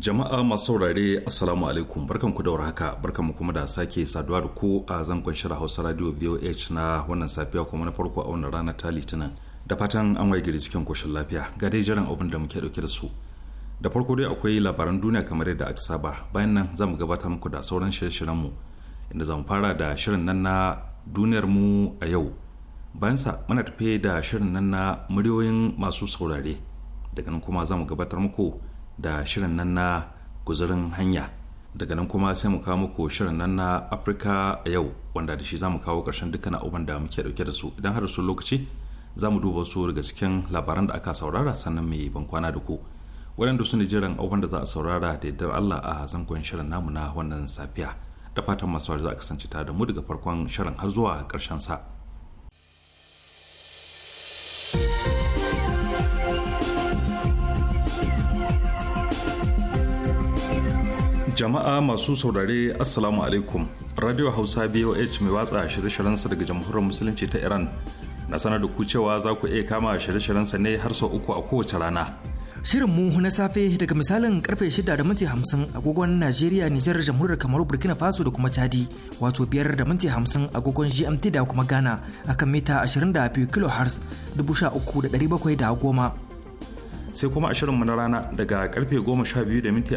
Jama'a masu saurare Assalamu alaikum barkan ku da haka barkan mu kuma da sake saduwa da ku a zangon shirin Hausa Radio VOH na wannan safiya kuma na farko a wannan rana ta Litinin. Da fatan an waye gari cikin koshin lafiya ga dai jiran abin da muke dauke da su. Da farko dai akwai labaran duniya kamar yadda aka saba bayan nan za mu gabatar muku da sauran shirye-shiryen mu inda zamu fara da shirin nan na duniyar mu a yau. Bayan sa muna tafe da shirin nan na muryoyin masu saurare daga nan kuma zamu gabatar muku da shirin nan na guzurin hanya daga nan kuma sai mu kawo muku shirin nan na afirka a yau wanda da shi za mu kawo ƙarshen dukkan abubuwan da muke ɗauke da su idan har su lokaci za mu duba su daga cikin labaran da aka saurara sannan mai ban kwana da ku waɗanda su ne jiran abubuwan da za a saurara da yardar allah a zangon shirin namu na wannan safiya da fatan masu za a kasance ta da mu daga farkon shirin har zuwa ƙarshen sa. jama'a masu saurare assalamu alaikum radio hausa boh mai watsa shirye sa daga jamhuriyar musulunci ta iran na sanar da ku cewa za ku iya kama shirye sa ne har sau uku a kowace rana Shirin mu na safe daga misalin karfe 6 da minti 50 agogon Najeriya, Nijar, Jamhuriyar Kamaru, Burkina Faso da kuma Chadi, wato 5 da minti 50 agogon GMT da kuma Ghana akan mita 22 kHz 13,710. Sai kuma a shirinmu na rana daga karfe 12 da minti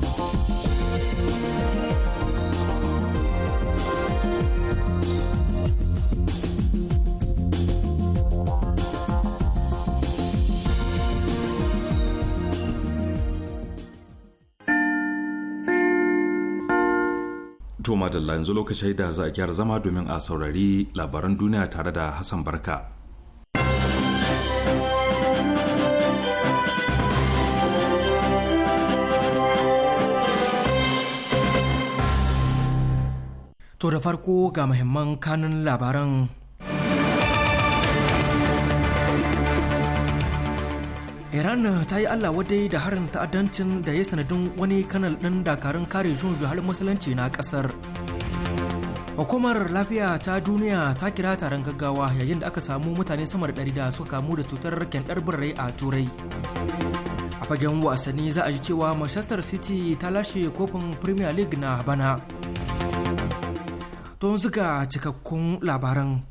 To madalla yanzu lokacin da za a gyara zama domin a saurari labaran duniya tare da Hassan Barka. To da farko ga muhimman kanun labaran iran ta yi allah wadai da harin ta'addancin da ya sanadin wani kanal ɗin dakarun kare jun halin musulunci na ƙasar hukumar lafiya ta duniya ta kira taron gaggawa yayin da aka samu mutane sama da ɗari da suka kamu da cutar kyandar birrai a turai a fagen wasanni za a ji cewa manchester city ta lashe kofin premier league na bana don zuga cikakkun labaran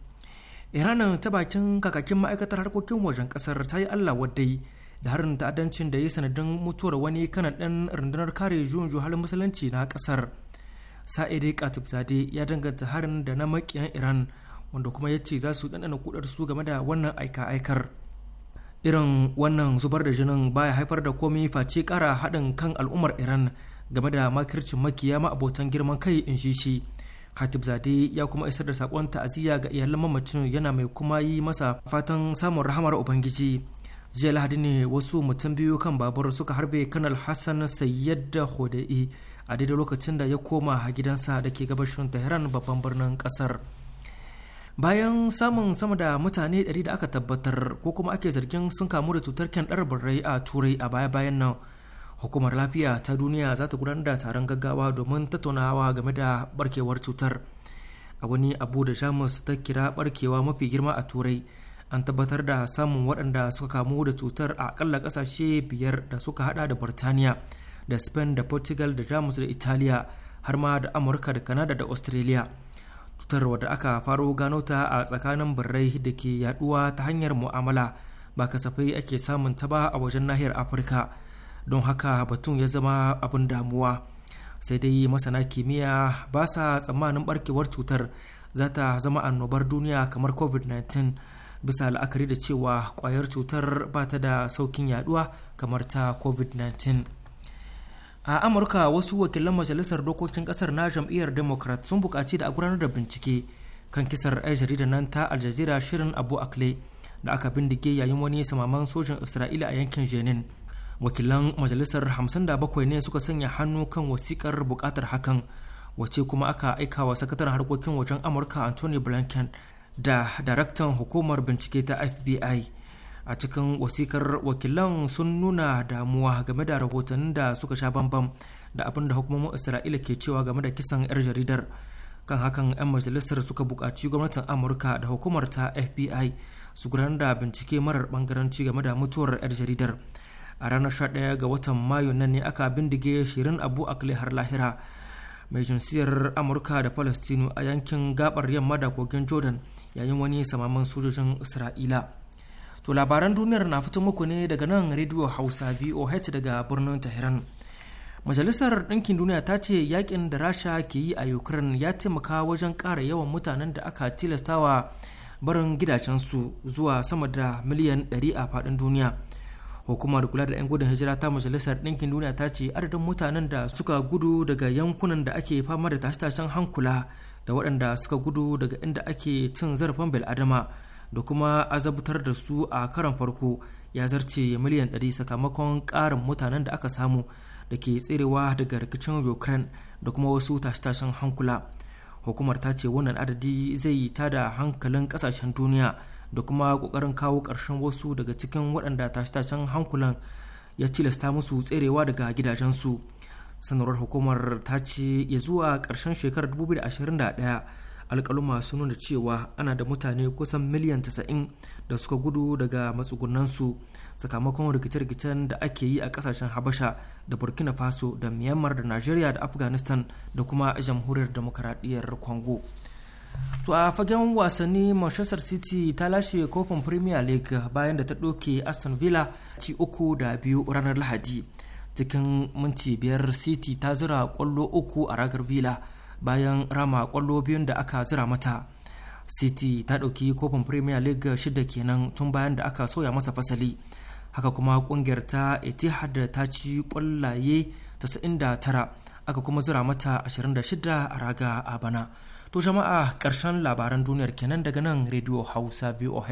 iranin ta bakin kakakin ma'aikatar harkokin wajen ƙasar ta yi allah wadai da harin ta'addancin da ya sanadin mutuwar wani kanan ɗan rundunar kare juyin juhalin musulunci na ƙasar sa'ide katib zade ya danganta harin da na makiyan iran wanda kuma ya ce za su ɗanɗana kudar su game da wannan aika-aikar irin wannan zubar da jinin baya haifar da komai face kara haɗin kan al'ummar iran game da makircin makiya ma'abotan girman kai in shi shi hatib zade ya kuma isar da sakon ta'aziyya ga iyalan mamacin yana mai kuma yi masa fatan samun rahamar ubangiji jiya lahadi ne wasu mutum biyu kan babur suka harbe kanal hassan sayyad da hodai a daidai lokacin da ya koma a gidansa da ke gabashin tehran babban birnin kasar bayan samun sama da mutane 100 da aka tabbatar ko kuma ake zargin sun kamu da cutar kyandar birrai a turai a baya-bayan nan hukumar lafiya ta duniya za ta gudanar da taron gaggawa domin tattaunawa game da barkewar cutar a wani abu da jamus ta kira barkewa mafi girma a turai an tabbatar da samun waɗanda suka kamu da cutar a akalla ƙasashe biyar da suka hada da burtaniya da spain da portugal da jamus da italiya har ma da amurka da canada da australia cutar wadda aka faro gano ta a tsakanin birrai da ke yaduwa ta hanyar mu'amala ba kasafai ake samun ta ba a wajen nahiyar afirka don haka batun ya zama abin damuwa sai dai masana kimiyya ba sa tsammanin barkewar cutar za ta zama annobar duniya kamar covid-19 bisa la'akari da cewa kwayar cutar ba ta da saukin yaduwa kamar ta covid-19 a amurka wasu wakilan majalisar dokokin kasar na jam'iyyar democrat sun buƙaci da a gudanar da bincike kan kisar 'yan jaridar nan ta aljazira shirin abu akle da aka bindige yayin wani samaman sojin isra'ila a yankin jenin wakilan majalisar 57 ne suka sanya hannu kan wasikar buƙatar hakan wace kuma aka aika wa sakataren harkokin wajen amurka anthony blinken da daraktan hukumar bincike ta fbi a cikin wasikar wakilan sun nuna damuwa game da rahotannin da suka sha bambam da abin da hukumomin isra'ila ke cewa game da kisan 'yar jaridar kan hakan 'yan majalisar suka bukaci gwamnatin amurka da hukumar ta fbi su gudanar da bincike marar bangaranci game da mutuwar 'yar jaridar a ranar 11 ga watan mayu nan ne aka bindige shirin abu akle har lahira mai jinsiyar amurka da palestinu a yankin gabar yamma da kogin jordan yayin wani samaman sojojin isra'ila to labaran duniyar na fito muku ne daga nan rediyo hausa voh daga birnin tehran majalisar ɗinkin duniya ta ce yakin da rasha ke yi a ukraine ya taimaka wajen ƙara yawan mutanen da aka tilastawa barin gidajensu zuwa sama da miliyan 100 a faɗin duniya hukumar kula da 'yan gudun hijira ta majalisar ɗinkin duniya ta ce adadin mutanen da suka gudu daga yankunan da ake fama da tashe-tashen hankula da waɗanda suka gudu daga inda ake cin zarafin bil'adama da kuma azabtar da su a karan farko ya zarce miliyan 100 sakamakon ƙarin mutanen da aka samu da ke tserewa daga rikicin ukraine da kuma wasu tashe-tashen hankula hukumar ta ce wannan adadi zai ta da hankalin kasashen duniya da kuma kokarin kawo ƙarshen wasu daga cikin waɗanda tashe-tashen hankulan ya tilasta musu tserewa daga gidajensu sanarwar hukumar ta ce ya zuwa karshen shekarar 2021 alƙaluma masu nuna cewa ana da mutane kusan miliyan 90 da suka gudu daga matsugunansu sakamakon rikice-rikicen da ake yi a ƙasashen habasha da burkina faso da myanmar da nigeria da afghanistan da kuma jamhuriyar demokaradiyyar congo to a fagen wasanni manchester city ta lashe kofin premier league bayan da ta ɗauke aston villa ci uku da biyu ranar lahadi cikin minti biyar city ta zira kwallo uku a ragar bila bayan rama kwallo biyun da aka zira mata city ta ɗauki kofin premier league shida kenan tun bayan da aka soya masa fasali haka kuma kungiyar ta etihad ta ci kwallaye 99 aka kuma zira mata 26 a raga a bana to jama'a karshen labaran duniyar kenan daga nan radio hausa voh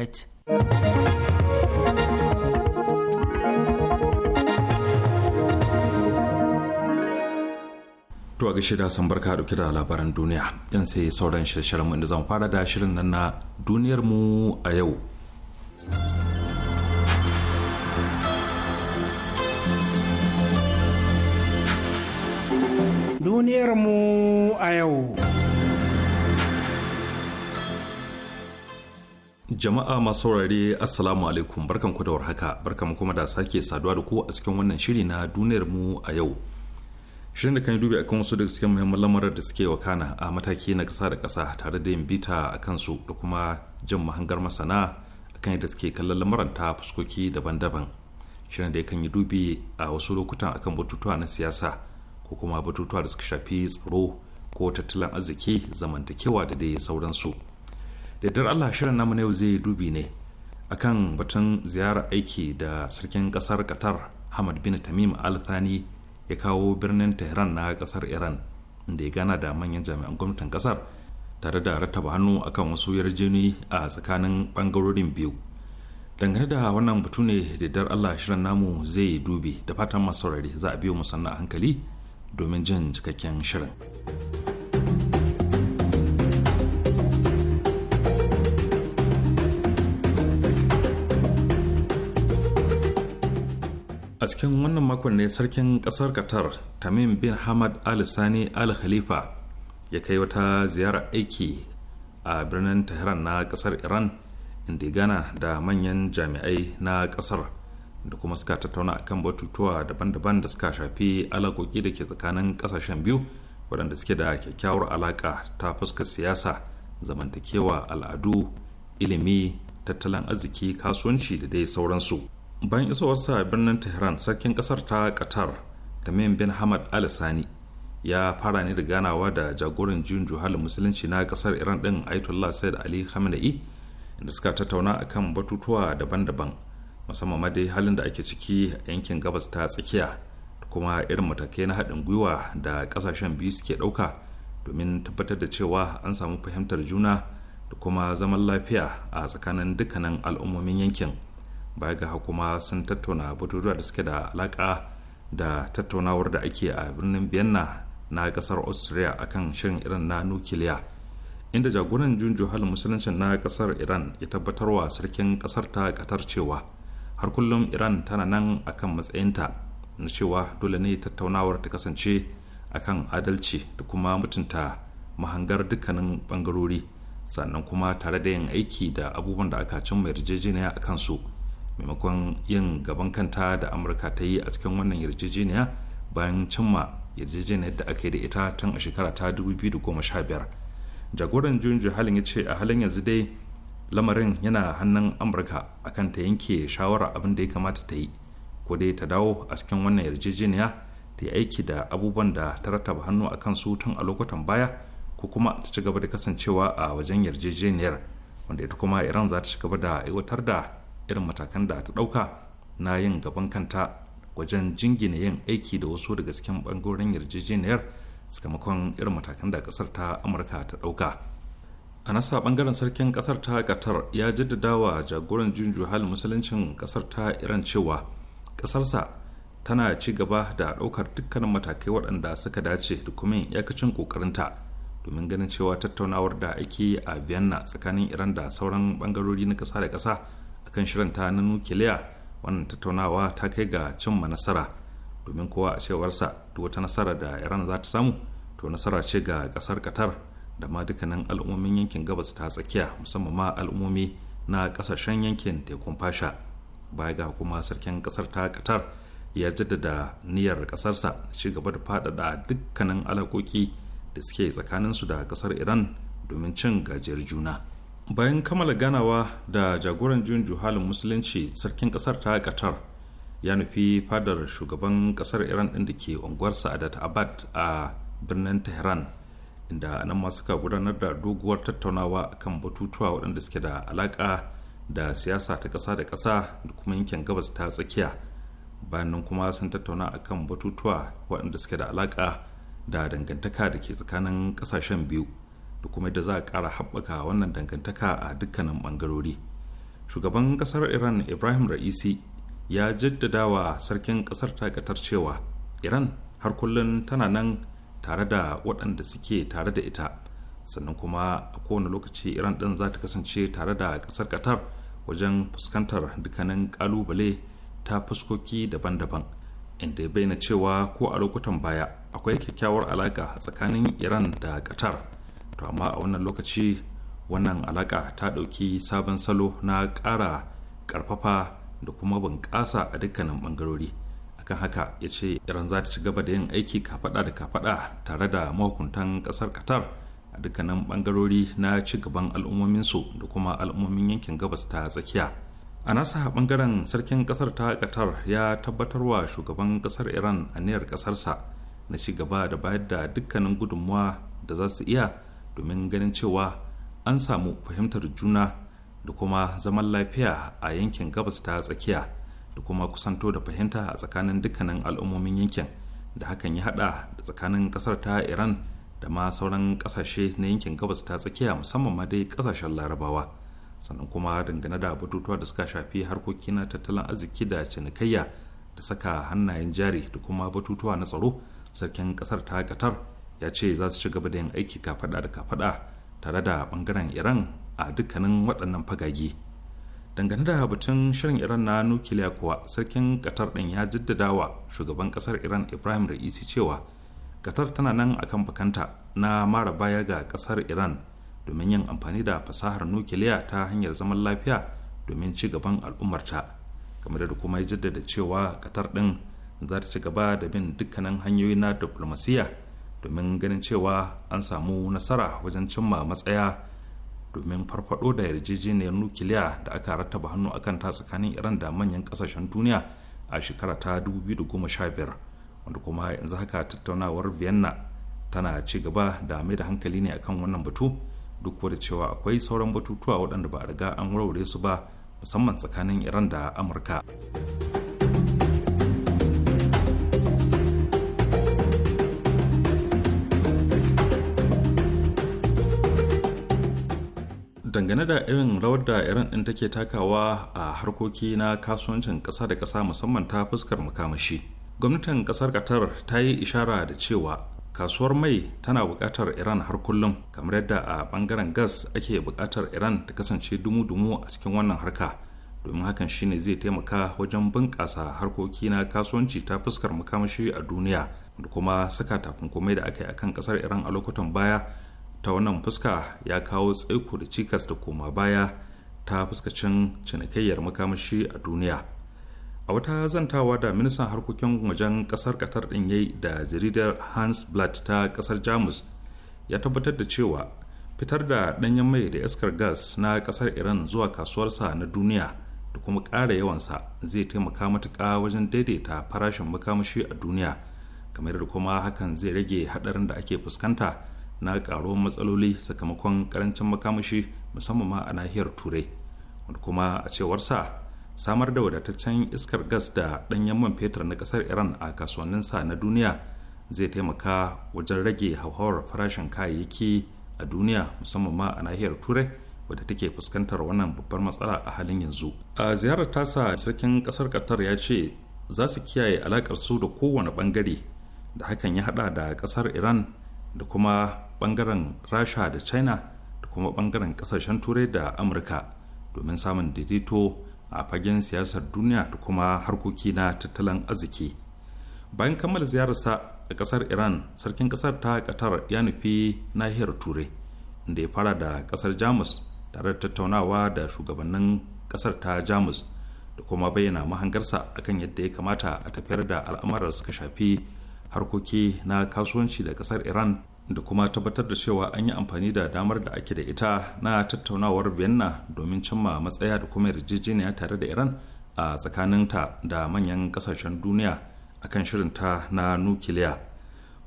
To a gashi da san barka dauke da labaran duniya. Yan sai sauran shirye mu inda zan fara da shirin nan na duniyar mu a yau. Duniyar mu a yau. Jama'a masu saurare Assalamu alaikum barkan ku da warhaka barkan kuma da sake saduwa da ku a cikin wannan shiri na duniyar mu a yau. shirin da kan yi dubi kan wasu daga cikin muhimman lamarar da suke wakana a mataki na kasa da kasa tare da yin bita a kansu da kuma jin mahangar masana a yi yadda suke kallon lamuran ta fuskoki daban-daban shirin da kan yi dubi a wasu lokutan akan batutuwa na siyasa ko kuma batutuwa da suka shafi tsaro ko tattalin arziki zamantakewa da dai sauransu da dar allah shirin namu na yau zai dubi ne akan batun ziyarar aiki da sarkin kasar qatar hamad bin tamim al thani ya kawo birnin tehran na kasar iran inda ya gana da manyan jami'an gwamnatin kasar tare da rattaba hannu akan wasu yarjejeni a tsakanin bangarorin biyu dangane da wannan batu ne da dar allah shirin namu zai dubi da fatan masu za a biyo musanna a hankali domin jin cikakken shirin. cikin wannan makon ne sarkin kasar qatar tamim bin hamad al sani al khalifa ya kai wata ziyara aiki a birnin tehran na kasar iran inda ya gana da manyan jami'ai na kasar da kuma suka tattauna akan batutuwa daban-daban da suka shafi alaƙoƙi da ke tsakanin ƙasashen biyu waɗanda suke da kyakkyawar alaƙa ta fuskar siyasa zamantakewa al'adu ilimi tattalin arziki kasuwanci da dai sauransu bayan isowarsa birnin tehran sarkin kasar ta qatar da bin hamad al sani ya fara ne da ganawa da jagoran juyin juhalin musulunci na kasar iran din ayatollah said ali khamenei da suka tattauna kan batutuwa daban-daban musamman ma dai halin da ake ciki a yankin gabas ta tsakiya da kuma irin matakai na haɗin gwiwa da ƙasashen biyu suke ɗauka domin tabbatar da cewa an samu fahimtar juna da kuma zaman lafiya a tsakanin dukkanin al'ummomin yankin baya ga kuma sun tattauna batutuwa da suke da alaka da tattaunawar da ake a birnin vienna na kasar austria akan shirin iran na nukiliya inda jagoran junju hal musuluncin na kasar iran ya tabbatar wa sarkin kasar ta katar cewa har kullum iran tana nan akan matsayinta na cewa dole ne tattaunawar ta kasance akan adalci da kuma mutunta mahangar dukkanin bangarori sannan kuma tare da yin aiki da abubuwan da aka cimma yarjejeniya a kansu. su maimakon yin gaban kanta da amurka ta yi a cikin wannan yarjejeniya bayan cimma yarjejeniyar da aka yi da ita tun a shekara ta 2015 jagoran juyin halin ya ce a halin yanzu dai lamarin yana hannun amurka akan ta yanke shawara abin da ya kamata ta yi ko dai ta dawo a cikin wannan yarjejeniya ta yi aiki da abubuwan da ta rattaba hannu a kan su tun a lokutan baya ko kuma ta ci gaba da kasancewa a wajen yarjejeniyar wanda ita kuma iran za ta ci gaba da aiwatar da irin matakan da ta ɗauka na yin gaban kanta wajen jingina yin aiki da wasu daga cikin ɓangaren yarjejeniyar sakamakon irin matakan da ƙasar ta amurka ta ɗauka a nasa bangaren sarkin ƙasar ta qatar ya jaddada wa jagoran junju hal musuluncin ƙasar ta iran cewa ƙasarsa tana ci gaba da ɗaukar dukkanin matakai waɗanda suka dace da kuma iyakacin ƙoƙarinta domin ganin cewa tattaunawar da ake a vienna tsakanin iran da sauran bangarori na ƙasa da ƙasa akan shirinta na nukiliya wannan tattaunawa ta kai ga cimma nasara domin kowa a cewarsa duk wata nasara da iran za ta samu to nasara ce ga kasar qatar da ma dukkanin al'ummomin yankin gabas ta tsakiya musamman ma al'ummomi na kasashen yankin tekun fasha baya ga kuma sarkin kasar ta qatar ya jaddada niyyar kasarsa ci gaba da faɗaɗa dukkanin alakoki da suke tsakaninsu da kasar iran domin cin gajiyar juna bayan kammala ganawa da jagoran juyin juhalin musulunci sarkin kasar ta qatar ya nufi fadar shugaban kasar iran din da ke unguwar sa'adat abad a birnin tehran inda nan ma suka gudanar da doguwar tattaunawa kan batutuwa waɗanda suke da alaƙa da siyasa ta ƙasa da ƙasa da kuma yankin gabas ta tsakiya bayan nan kuma sun tattauna a kan batutuwa waɗanda suke da alaƙa da dangantaka da ke tsakanin ƙasashen biyu da kuma yadda za a kara haɓaka wannan dangantaka a dukkanin bangarori shugaban ƙasar iran ibrahim ra'isi ya jaddada wa sarkin ƙasar takatar cewa iran har kullum tana nan tare da waɗanda suke tare da ita sannan kuma a kowane lokaci iran ɗin za ta kasance tare da ƙasar qatar wajen fuskantar dukkanin ƙalubale ta fuskoki daban-daban inda ya bayyana cewa ko a lokutan baya akwai kyakkyawar alaƙa tsakanin iran da qatar to amma a wannan lokaci wannan alaka ta ɗauki sabon salo na ƙara ƙarfafa da kuma bunƙasa a dukkanin bangarori akan haka ya ce iran za ta ci gaba da yin aiki kafaɗa da kafaɗa tare da mahukuntan ƙasar qatar a dukkanin bangarori na ci gaban al'ummominsu da kuma al'ummomin yankin gabas ta tsakiya a nasa ɓangaren sarkin ƙasar ta qatar ya tabbatar wa shugaban ƙasar iran a aniyar ƙasarsa na ci gaba da bayar da dukkanin gudunmuwa da za su iya domin ganin cewa an samu fahimtar juna da kuma zaman lafiya a yankin gabas ta tsakiya da kuma kusanto da fahimta a tsakanin dukkanin al'ummomin yankin da hakan ya hada da tsakanin kasar ta iran da ma sauran kasashe na yankin gabas ta tsakiya musamman ma dai kasashen larabawa sannan kuma dangane da batutuwa da suka shafi harkoki na tattalin arziki da cinikayya da saka hannayen jari da kuma batutuwa na tsaro sarkin kasar ta qatar ya ce za su ci gaba da yin aiki kafada da kafada tare da bangaren iran a dukkanin waɗannan fagage dangane da batun shirin iran na nukiliya kuwa sarkin qatar din ya jaddada wa shugaban ƙasar iran ibrahim ra'isi cewa qatar tana nan akan bakanta na mara baya ga ƙasar iran domin yin amfani da fasahar nukiliya ta hanyar zaman lafiya domin ci gaban al'ummarta game da kuma ya jaddada cewa qatar din za ta ci gaba da bin dukkanin hanyoyi na diplomasiya domin ganin cewa an samu nasara wajen cimma matsaya domin farfado da yarjejeniyar nukiliya da aka rattaba hannu akan ta tsakanin iran da manyan kasashen duniya a shekara ta 2015 wanda kuma yanzu haka tattaunawar vienna tana ci gaba da mai da hankali ne akan wannan batu duk da cewa akwai sauran batutuwa waɗanda ba a riga an raure su ba musamman tsakanin iran da amurka. dangane da irin rawar da iran ɗin take takawa a harkoki na kasuwancin kasa da kasa musamman ta fuskar makamashi gwamnatin ƙasar qatar ta yi ishara da cewa kasuwar mai tana buƙatar iran har kullum kamar yadda a ɓangaren gas ake buƙatar iran ta kasance dumu-dumu a cikin wannan harka domin hakan shine zai taimaka wajen bunƙasa harkoki na kasuwanci ta fuskar makamashi a duniya da kuma saka takunkumai da aka yi akan ƙasar iran a lokutan baya ta wannan fuska ya kawo tsaiko da cikas da koma baya ta fuskacin cinikayyar makamashi a duniya a wata zantawa da ministan harkokin wajen kasar katar din yayi da jaridar hans blatt ta kasar jamus ya tabbatar da cewa fitar da danyen mai da iskar gas na kasar iran zuwa kasuwarsa na duniya da kuma ƙara yawansa zai taimaka matuƙa wajen daidaita farashin makamashi a duniya kamar da kuma hakan zai rage haɗarin da ake fuskanta na karuwar matsaloli sakamakon karancin makamashi musamman ma a nahiyar turai wanda kuma a cewar sa samar da wadataccen iskar gas da ɗanyen man fetur na ƙasar iran a kasuwannin sa na duniya zai taimaka wajen rage hauhawar farashin kayayyaki a duniya musamman ma a nahiyar turai wadda take fuskantar wannan babbar matsala a halin yanzu a ziyarar tasa sarkin kasar qatar ya ce za su kiyaye alaƙar su da kowane bangare da hakan ya haɗa da ƙasar iran da kuma bangaren rasha da china da kuma bangaren kasashen turai da amurka domin samun daidaito a fagen siyasar duniya da kuma harkoki na tattalin arziki bayan kammala ziyararsa a kasar iran sarkin kasar ta katar ya nufi nahiyar turai inda ya fara da kasar jamus tare da tattaunawa da shugabannin kasar ta jamus da kuma bayyana mahangarsa akan yadda ya kamata a tafiyar da al'amuran suka shafi harkoki na kasuwanci da kasar iran da kuma tabbatar da cewa an yi amfani da damar da ake da ita na tattaunawar vienna domin cimma matsaya da kuma yarjejeniya tare da iran a tsakaninta da manyan kasashen duniya a kan shirinta na nukiliya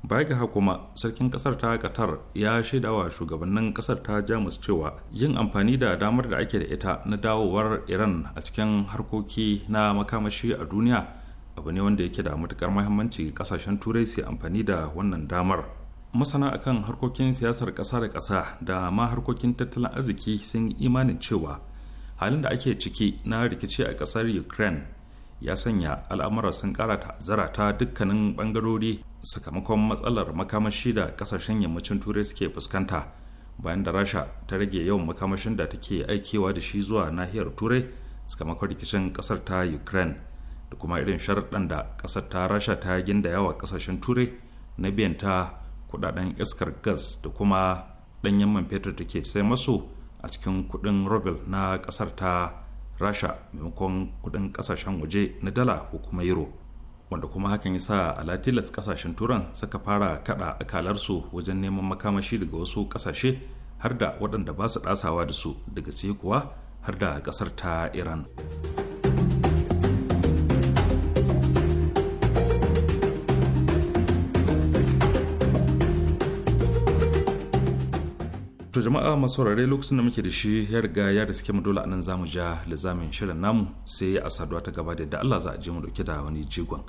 baya ga kuma sarkin kasar ta qatar ya shaida wa shugabannin kasar ta jamus cewa yin amfani da damar da ake da ita na dawowar iran a cikin harkoki na makamashi a duniya abu ne wanda yake da matukar muhimmanci kasashen turai su amfani da wannan damar masana akan harkokin siyasar ƙasa da ƙasa da ma harkokin tattalin arziki sun yi imanin cewa halin da ake ciki na rikici a ƙasar ukraine ya sanya al'amura sun ƙara ta'azzara ta dukkanin bangarori sakamakon matsalar makamashi da kasashen yammacin turai suke fuskanta bayan da rasha ta rage yawan makamashin da take aikewa da shi zuwa nahiyar turai sakamakon rikicin ƙasar ta ukraine da kuma irin sharaɗan da ƙasar ta rasha ta ginda yawa ƙasashen turai na biyan ta kudaden iskar gas da kuma danyen man fetur da ke sai masu a cikin kudin rubel na kasar ta rasha maimakon kudin kasashen waje na dala ko kuma euro wanda kuma hakan ya sa alatilas kasashen turan suka fara kada akalarsu wajen neman makamashi daga wasu kasashe har da waɗanda ba su ɗasawa da su daga kuwa har da ƙasar ta iran. to jama'a masu saurare lokacin da muke da shi ya riga ya da suke mu dole anan zamu ja lizamin shirin namu sai a saduwa ta gaba da yadda Allah za a je mu dauke da wani jigon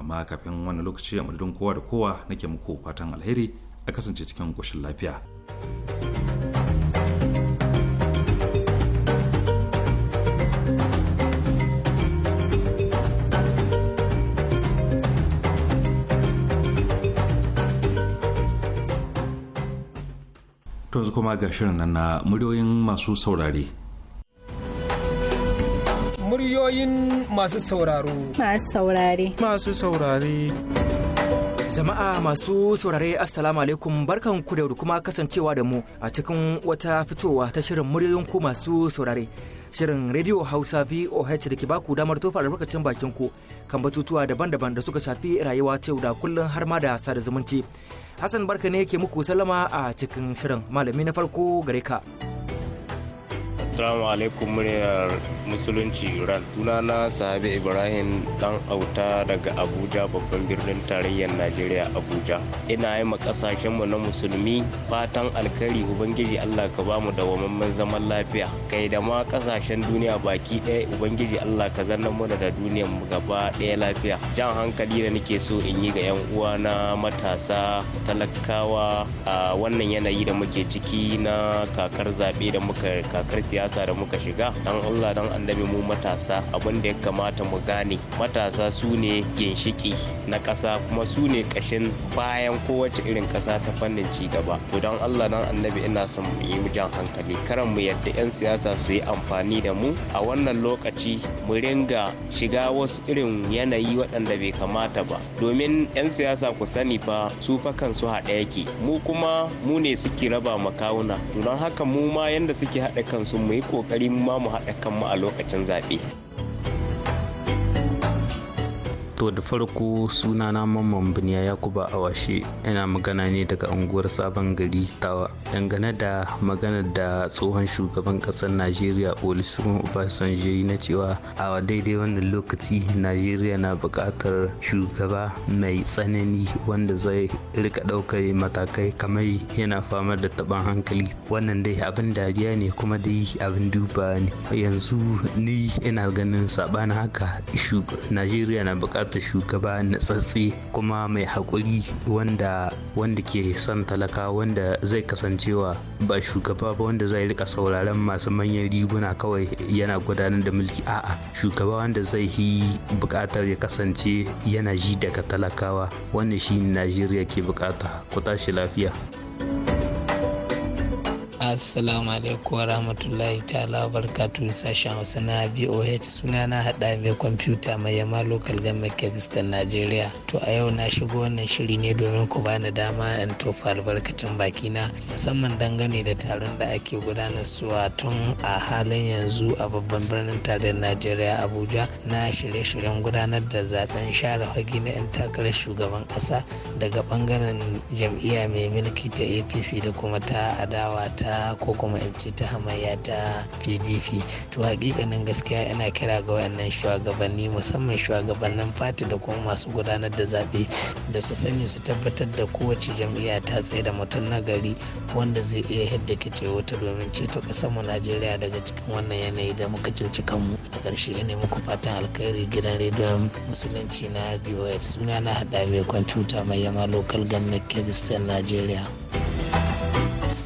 amma kafin wani lokaci a madadin kowa da kowa nake muku fatan alheri a kasance cikin koshin lafiya. thank you To yanzu kuma ga shirin nan na muryoyin masu saurare. Muryoyin masu sauraro. Masu saurare. Masu saurare. Jama'a masu saurare Assalamu alaikum barkan ku da kuma kasancewa da mu a cikin wata fitowa ta shirin muryoyin ku masu saurare. Shirin Radio Hausa VOH da ke baku damar tofa albarkacin bakin ku kan batutuwa daban-daban da suka shafi rayuwa ta da kullum har ma da sada zumunci. Hassan barka ne ke muku sallama a cikin shirin malami na farko gare ka. Assalamu alaikum muryar musulunci Iran. na Sahabi Ibrahim dan auta daga Abuja babban birnin tarayyar Najeriya Abuja. Ina yi ma mu na musulmi fatan alkari Ubangiji Allah ka bamu da wamamman zaman lafiya. Kai da ma kasashen duniya baki ɗaya Ubangiji Allah ka zanna mana da duniyar mu gaba ɗaya lafiya. Jan hankali da nake so in yi ga 'yan uwa na matasa talakawa a wannan yanayi da muke ciki na kakar zaɓe da muka kakar siyasa siyasa da muka shiga dan Allah dan annabi mu matasa abin da ya kamata mu gane matasa su ne ginshiki na ƙasa kuma su ne ƙashin bayan kowace irin ƙasa ta fannin ci gaba to dan Allah dan annabi ina son mu yi mujan hankali karan mu yadda 'yan siyasa su yi amfani da mu a wannan lokaci mu ringa shiga wasu irin yanayi waɗanda bai kamata ba domin 'yan siyasa ku sani fa su fa kansu haɗa yake mu kuma mu ne suke raba makawuna don haka mu ma yanda suke haɗa kansu mu mu yi ƙoƙari ma mu haɗa kanmu a lokacin zaɓe. To da farko sunana Mamman Biniya Yakuba Awashe yana magana ne daga unguwar Sabon Gari Tawa. Dangane da maganar da tsohon shugaban ƙasar Najeriya Olusegun Obasanjo yi na cewa a daidai wannan lokaci Najeriya na buƙatar shugaba mai tsanani wanda zai rika ɗaukar matakai kamar yana fama da taɓin hankali. Wannan dai abin dariya ne kuma dai abin duba ne. Yanzu ni ina ganin saɓanin haka Najeriya na buƙatar buƙatar shugaba natsatsi kuma mai haƙuri wanda wanda ke son talaka wanda zai kasancewa ba shugaba ba wanda zai rika sauraron masu manyan riguna kawai yana gudanar da mulki a'a shugaba wanda zai yi buƙatar ya kasance yana ji daga talakawa wannan shi najeriya ke buƙata ku tashi lafiya assalamu alaikum wa rahmatullahi ta'ala wa barakatuhu sashen hausa na boh suna na hada mai kwamfuta mai yamma lokal government kebistan nigeria to a yau na shigo wannan shiri ne domin ku bani dama in tofa albarkacin bakina musamman dangane da taron da ake gudanar suwa tun a halin yanzu a babban birnin tarayyar najeriya abuja na shirye-shiryen gudanar da zaben share fage na 'yan takarar shugaban kasa daga bangaren jam'iyya mai mulki ta apc da kuma ta adawa ta ko kuma in ce ta hamayya ta pdp to hakikanin gaskiya yana kira ga wayannan shugabanni musamman shugabannin fati da kuma masu gudanar da zaɓe da su sani su tabbatar da kowace jam'iyya ta tsaye da mutum na gari wanda zai iya hidda ce wata domin ceto mu najeriya daga cikin wannan yanayi da muka cinci kanmu a ƙarshe ne ku fatan alkhairi gidan rediyon musulunci na bos suna na haɗa mai kwamfuta mai yama local government kyrgyzstan najeriya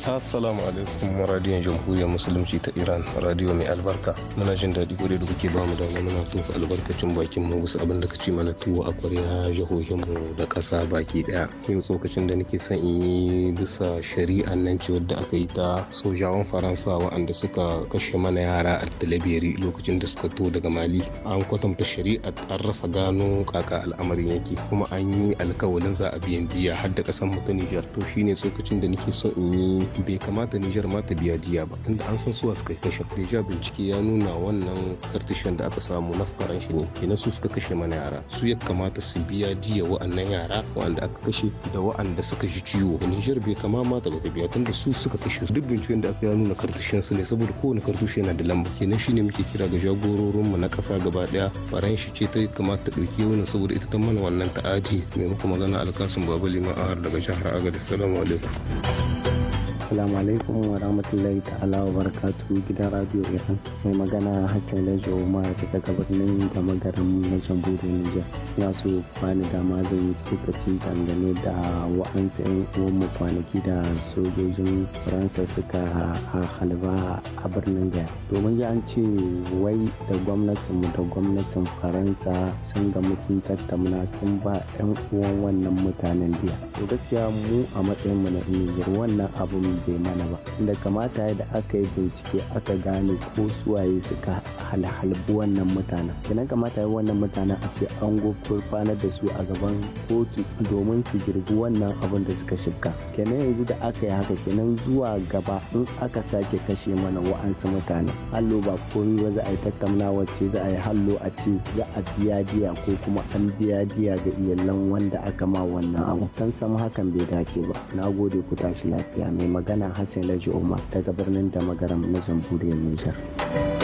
assalamu alaikum radiyon jamhuriyar musulunci ta iran radiyo mai albarka muna jin daɗi kwarai da kuke bamu dama muna tofa albarkacin bakin mu wasu abin da kace mana tuwo a kwarya jihohin mu da ƙasa baki ɗaya yau tsokacin da nake son in yi bisa shari'a nan ce wadda aka yi ta sojawan faransa waɗanda suka kashe mana yara a talabiri lokacin da suka to daga mali an kwatanta shari'a an rasa gano kaka al'amarin yake kuma an yi alkawalin za a biyan jiya har da ƙasar mutane ta nijar to shine tsokacin da nake son in yi bai kamata Nijar ma ta biya jiya ba tunda an san suwa suka kashe deja bincike ya nuna wannan kartishan da aka samu na fukaran shi ne kenan su suka kashe mana yara su ya kamata su biya jiya wa'annan yara wa'anda aka kashe da wa'anda suka ji ciwo Nijar bai kama mata ba ta biya tunda su suka kashe duk binciken da aka ya nuna kartishan su ne saboda kowane kartushe yana da lamba kenan shine muke kira ga jagororin mu na kasa gaba daya shi ce ta kamata ta ɗauki wannan saboda ita ta mana wannan ta'adi mai muku magana alkasun baba liman har daga jihar agadi salamu alaikum Assalamu alaikum wa rahmatullahi ta'ala wa barakatu gidan radio Iran. Mai magana Hassan Lajo Umar daga birnin da magaran na Jamhuriyar Nijar. Ya so bani dama zan yi tsokaci dangane da wa'ansu 'yan uwanmu kwanaki da sojojin Faransa suka halba a birnin Gaya. Domin ya an ce wai da gwamnatinmu da gwamnatin Faransa sun gamu sun tattauna sun ba 'yan uwan wannan mutanen biya. To gaskiya mu a matsayinmu na Nijar wannan abun hakan bai mana ba da kamata da aka yi bincike aka gane ko suwaye suka halhalbi wannan mutanen kenan kamata yi wannan mutanen a ce an gofurfana da su a gaban kotu domin su girbi wannan abin da suka shirka kenan yanzu da aka yi haka kenan zuwa gaba in aka sake kashe mana wa'ansu mutane hallo ba komi ba za a yi tattaunawar ce za a yi hallo a ce za a biya diya ko kuma an biya diya ga iyalan wanda aka ma wannan abu san sam hakan bai dace ba na gode ku tashi lafiya mai magana Hassan Laji Umar daga birnin Damagaram na Jamhuriyar Nijar.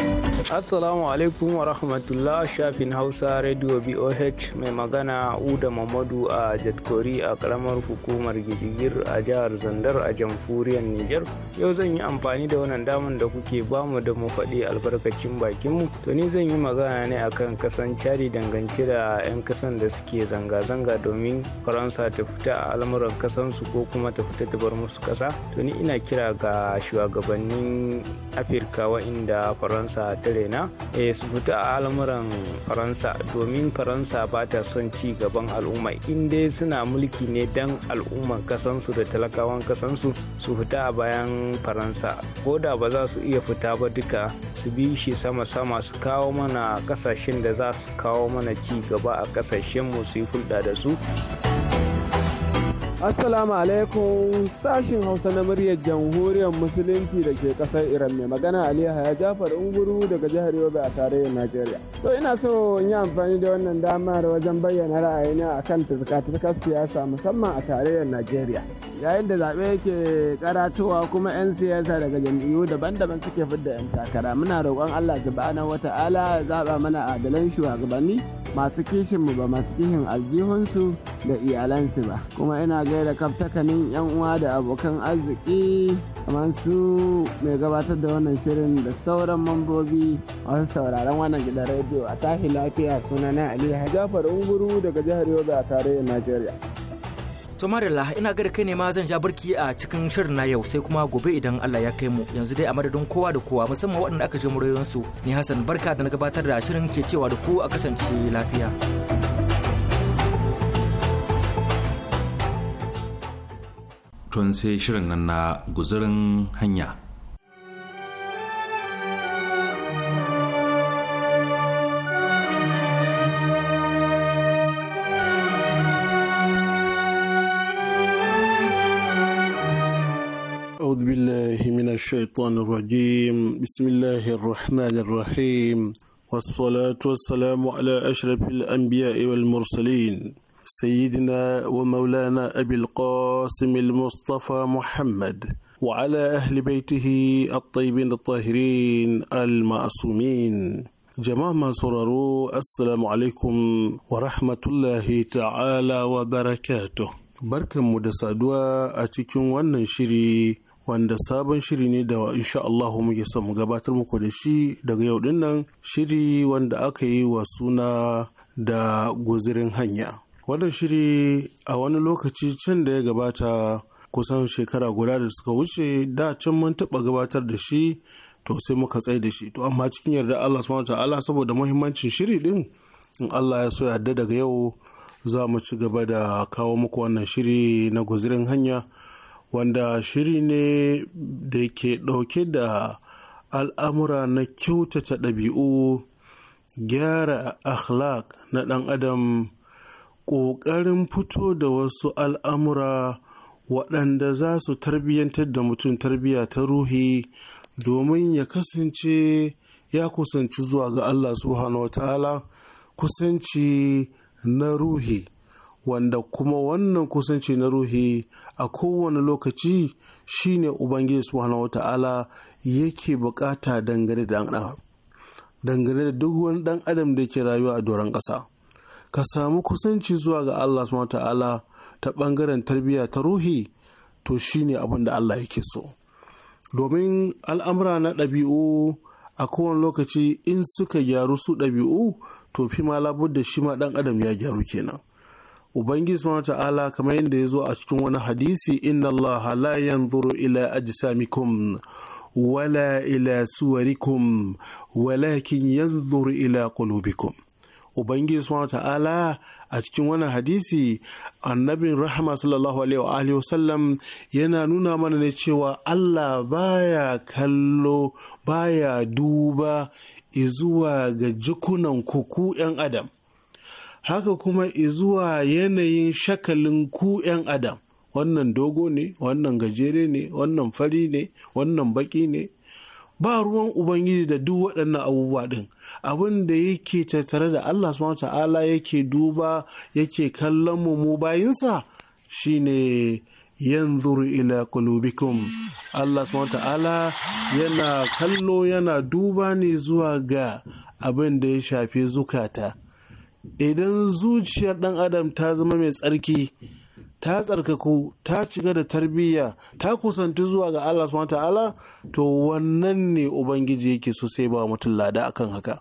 Assalamu alaikum wa rahmatullah shafin Hausa Radio BOH mai magana Uda Mamadu a Jatkori a karamar hukumar Gijigir a jihar Zandar a jamhuriyar Nijar. Yau zan yi amfani da wannan daman da kuke bamu da mu faɗi albarkacin bakinmu. To ni zan yi magana ne akan kasan cari dangance da 'yan kasan da suke zanga-zanga domin Faransa ta fita a al'amuran kasansu ko kuma ta fita ta bar musu kasa. To ni ina kira ga shugabannin Afirka wa'inda Faransa ta ukraine e eh, su fita a al'amuran faransa domin faransa ba ta son ci gaban al'umma in dai suna mulki ne dan al'umman kasansu da talakawan kasansu su fita a bayan faransa ko da ba za su iya fita ba duka su bi shi sama-sama su kawo mana kasashen da za su kawo mana ci gaba a kasashen mu su yi hulɗa da su Assalamu alaikum sashin Hausa na muryar jamhuriyar Musulunci da ke ƙasar Iran mai magana Ali Haya Jafar Unguru daga jihar Yobe a tarayyar Najeriya. To ina so in yi amfani da wannan damar wajen bayyana ra'ayina a kan tazkatazkar siyasa musamman a tarayyar Najeriya. Yayin da zaɓe yake karatowa kuma 'yan siyasa daga jam'iyyu daban-daban suke fidda 'yan takara muna roƙon Allah subhanahu wata'ala ya zaɓa mana adalan shugabanni masu kishin mu ba masu kishin aljihunsu da iyalansu ba kuma ina da kaftakanin yan uwa da abokan arziki kamar su mai gabatar da wannan shirin da sauran mambobi masu sauraron wannan gidan rediyo a tahi lafiya suna sunana ali jafar unguru daga jihar yobe a tarayyar najeriya to marilla ina ga kai ne ma zan ja barki a cikin shirin na yau sai kuma gobe idan Allah ya kai mu yanzu dai a madadin kowa da kowa musamman waɗanda aka je murayoyinsu ni Hassan barka da na gabatar da shirin ke cewa da ku a kasance lafiya. tun sai shirin nan na guzurin hanya أعوذ بالله من الشيطان الرجيم بسم الله الرحمن الرحيم والصلاة والسلام على أشرف الأنبياء والمرسلين سيدنا ومولانا أبي القاسم المصطفى محمد وعلى أهل بيته الطيبين الطاهرين المعصومين jama'a masu sauraro assalamu alaikum wa rahmatullahi ta'ala wa Barkan mu da saduwa a cikin wannan shiri wanda sabon shiri ne da insha'allahu Allah muke son mu gabatar muku da shi daga yau din shiri wanda aka yi wa suna da guzirin hanya wannan shiri a wani lokaci can da ya gabata kusan shekara guda da suka wuce da can mun taɓa gabatar da shi to sai muka tsaye da shi to amma cikin yarda Allah subhanahu ta'ala saboda muhimmancin shiri din in Allah ya so yarda daga yau za mu ci gaba da kawo muku wannan shiri na guzirin hanya wanda shiri ne da ke ɗauke da al'amura na kyautata ɗabi'u gyara akhlaq na ɗan adam ƙoƙarin fito da wasu al'amura waɗanda za su tarbiyyantar da mutum tarbiyya ta ruhi domin ya kasance ya kusanci zuwa ga Allah subhanahu wataala kusanci na ruhi wanda kuma wannan kusanci na ruhi a kowane lokaci shine ubangiji subhanahu wataala yake bukata dangane da dangane da duk wani dan adam da ke rayuwa a doron ƙasa ka samu kusanci zuwa ga Allah subhanahu ta'ala ta bangaren tarbiyya ta ruhi to shine abin da Allah yake so domin al'amura na ɗabi'u a kowane lokaci in suka gyaru su ɗabi'u to fi ma da shi ma ɗan adam ya gyaru kenan ubangiji subhanahu ta'ala kamar yadda ya zo a cikin wani hadisi inna Allah la yanzuru ila ajsamikum wala ila suwarikum walakin yanzuru ila qulubikum ubangiji subhanahu ta'ala a cikin wannan hadisi annabin rahama sallallahu alaihi wa sallam yana nuna mana ne cewa Allah baya kallo baya duba izuwa ga jikunan kuku 'yan adam haka kuma izuwa yanayin shakalin ku 'yan adam wannan dogo ne wannan gajere ne wannan fari ne wannan baki ne ba ruwan ubangiji da duk waɗannan abubuwa ɗin abin da yake tattare da allah subhanahu ta'ala yake duba yake kallon mu mu bayinsa shine yanzuru ila qulubikum allah subhanahu ta'ala yana kallo yana duba ne zuwa ga abin da ya shafi zukata idan zuciyar ɗan adam ta zama mai tsarki ta tsarkaku ta cika da tarbiyya ta kusanci zuwa ga Allah subhanahu ta'ala to wannan ne ubangiji yake so sai ba mutum lada akan haka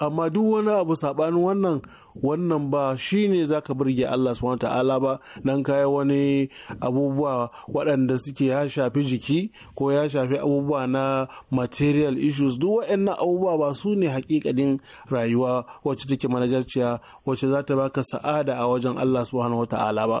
amma duk wani abu saɓanin wannan wannan ba shi ne za ka birge Allah subhanahu ta'ala ba nan kaya wani abubuwa waɗanda suke ya shafi jiki ko ya shafi abubuwa na material issues duk waɗannan abubuwa ba su ne hakikadin rayuwa wacce take managarciya wacce za ta baka sa'ada a wajen Allah subhanahu ta'ala ba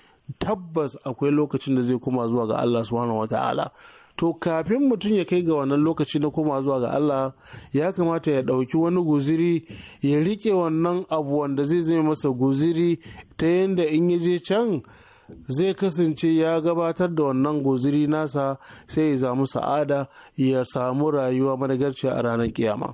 tabbas akwai lokacin da zai koma zuwa ga Allah subhanahu wa ta'ala to kafin mutum ya kai ga wannan lokaci na koma zuwa ga Allah ya kamata ya ɗauki wani guziri ya rike wannan abu wanda zai zama masa guziri ta yadda in ya je can zai kasance ya gabatar da wannan guziri nasa sai ya samu sa'ada ya samu rayuwa managarci a ranar kiyama.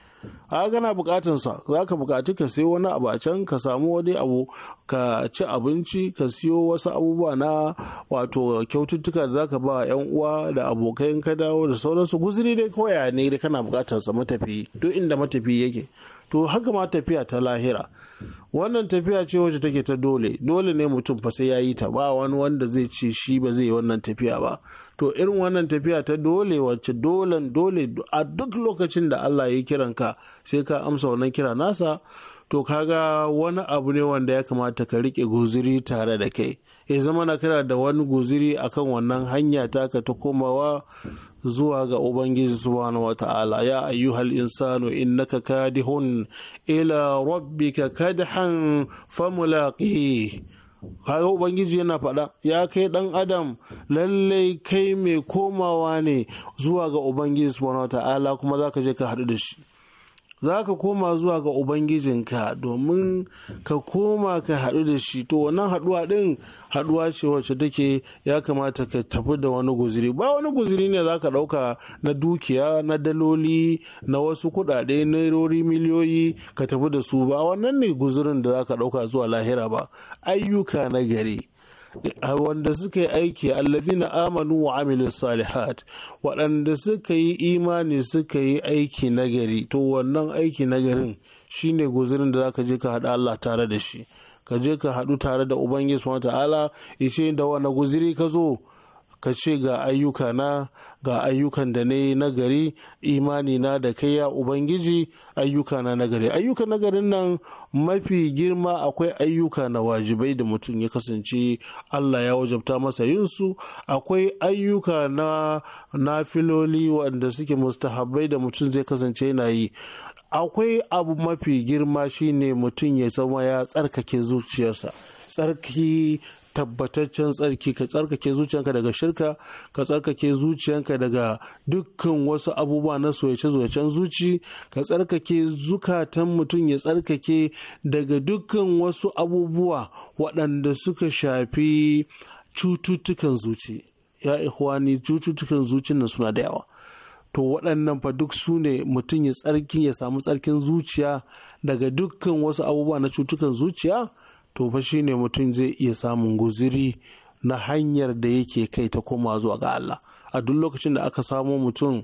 a kana bukatun sa za ka bukaci ka sayo wani abu a can ka samu wani abu ka ci abinci ka siyo wasu abubuwa na wato kyaututtuka da za ka ba yan uwa da abokan ka dawo da sauransu guzuri dai koya ne da kana bukatar sa matafi duk inda matafi yake to haka ma tafiya ta lahira wannan tafiya ce wacce take ta dole dole ne mutum fa sai ya yi ta ba wani wanda zai ce shi ba zai yi wannan tafiya ba to irin wannan tafiya ta dole wacce dolen dole a duk lokacin da Allah ya kiran ka sai ka amsa wannan kira nasa to kaga wani abu ne wanda ya kamata ka rike guziri tare da kai ya zama na kira da wani guziri akan wannan hanya taka ta komawa zuwa ga ubangiji subhanahu wata'ala ya ayyuhal insanu innaka kadihun ila rabbika kadhan famulaqih kaga ubangiji yana faɗa ya kai ɗan adam lallai kai mai komawa ne zuwa ga ubangiji subhanahu wata'ala kuma za ka je ka haɗu da shi za ka koma zuwa ga ubangijinka domin ka koma ka haɗu da shi to wannan haɗuwa ɗin haɗuwa ce wacce take ya kamata ka tafi da wani guziri ba wani guziri ne za ka ɗauka na dukiya na daloli na wasu kuɗaɗe rori miliyoyi ka tafi da su ba wannan ne guzirin da za ka ɗauka zuwa lahira ba ayyuka na gari wanda suka yi aiki allazina amanu wa amilu salihat waɗanda suka yi imani suka yi aiki nagari to wannan aiki nagarin shine guzirin da zaka je ka haɗu Allah tare da shi ka je ka haɗu tare da ubangiji subhanahu ta'ala ishe da wani guziri ka zo ka ce ga ayyuka na ga ayyukan da na yi nagari imani na da kai ya ubangiji ayyuka na nagari ayyuka nagarin nan mafi girma akwai ayyuka na wajibai da mutum ya kasance allah ya wajabta masa yin su akwai ayyuka na nafiloli wanda suke mustahabbai da mutum zai kasance yana yi akwai abu mafi girma shine mutum ya zama ya tsarkake zuciyarsa tsarki tabbataccen tsarki ka tsarkake zuciyanka daga shirka ka tsarkake zuciyanka daga dukkan wasu abubuwa na soyace zuwacen zuci ka tsarkake zukatan mutum ya tsarkake daga dukkan wasu abubuwa waɗanda suka shafi cututtukan zuci ya ihwani cututtukan zuci nan suna da yawa to waɗannan fa duk su ne mutum ya tsarkin ya samu tsarkin zuciya daga dukkan wasu abubuwa na cutukan zuciya to shi ne mutum zai iya samun guziri na hanyar da yake kai ta koma zuwa ga Allah a duk lokacin da aka samo mutum